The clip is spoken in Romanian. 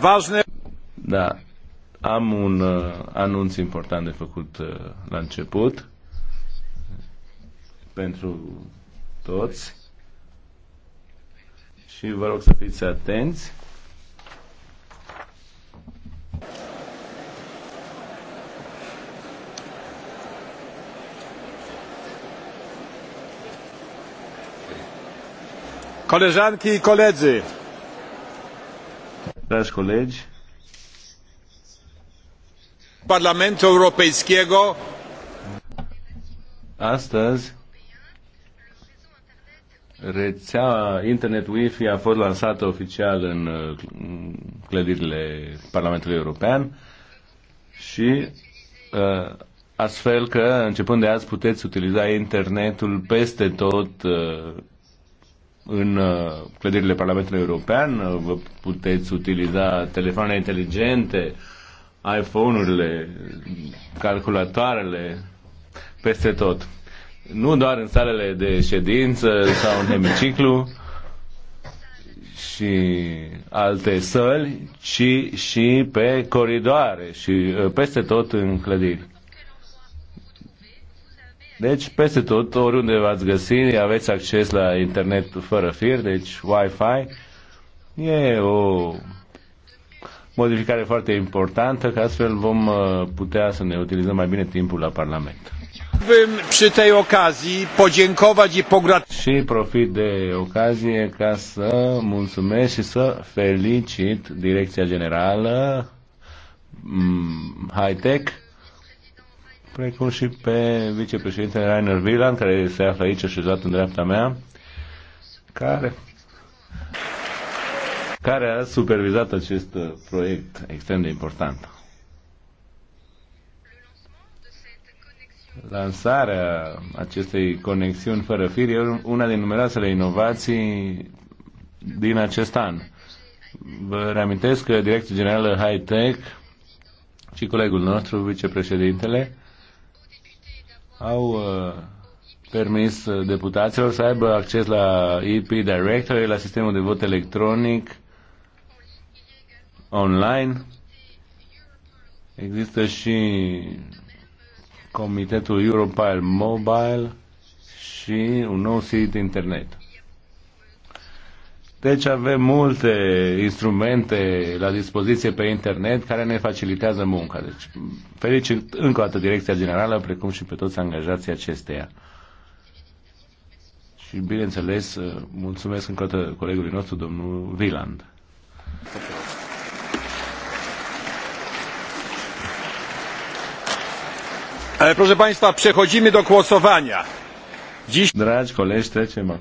Ważne. Da. Am un uh, anunț important de făcut uh, la început pentru toți și vă rog să fiți atenți. Koleżanki i koledzy, Dragi colegi, Parlamentul Europeiskiego Astăzi rețeaua internet Wi-Fi a fost lansată oficial în uh, clădirile Parlamentului European și uh, astfel că începând de azi puteți utiliza internetul peste tot uh, în uh, clădirile Parlamentului European, uh, vă puteți utiliza telefoane inteligente, iPhone-urile, calculatoarele, peste tot. Nu doar în salele de ședință sau în hemiciclu și alte săli, ci și pe coridoare și uh, peste tot în clădiri. Deci, peste tot, oriunde v-ați găsi, aveți acces la internet fără fir, deci Wi-Fi. E o modificare foarte importantă, că astfel vom uh, putea să ne utilizăm mai bine timpul la Parlament. pe tej okazji podziękować i pogratulować. Și profit de ocazie ca să mulțumesc și să felicit Direcția Generală mm, High Tech precum și pe vicepreședintele Rainer Wieland, care se află aici așezat în dreapta mea, care, care a supervizat acest proiect extrem de important. Lansarea acestei conexiuni fără fir e una din numeroasele inovații din acest an. Vă reamintesc că Direcția Generală High Tech și colegul nostru, vicepreședintele, au uh, permis uh, deputaților să aibă acces la EP Directory, la sistemul de vot electronic, online. Există și comitetul Europile Mobile și un nou sit internet. Deci avem multe instrumente la dispoziție pe internet care ne facilitează munca. Deci felicit încă o dată Direcția Generală, precum și pe toți angajații acesteia. Și bineînțeles, mulțumesc încă o dată colegului nostru, domnul Viland. Proszę Państwa, przechodzimy do głosowania. Dziś... Dragi colegi, trecem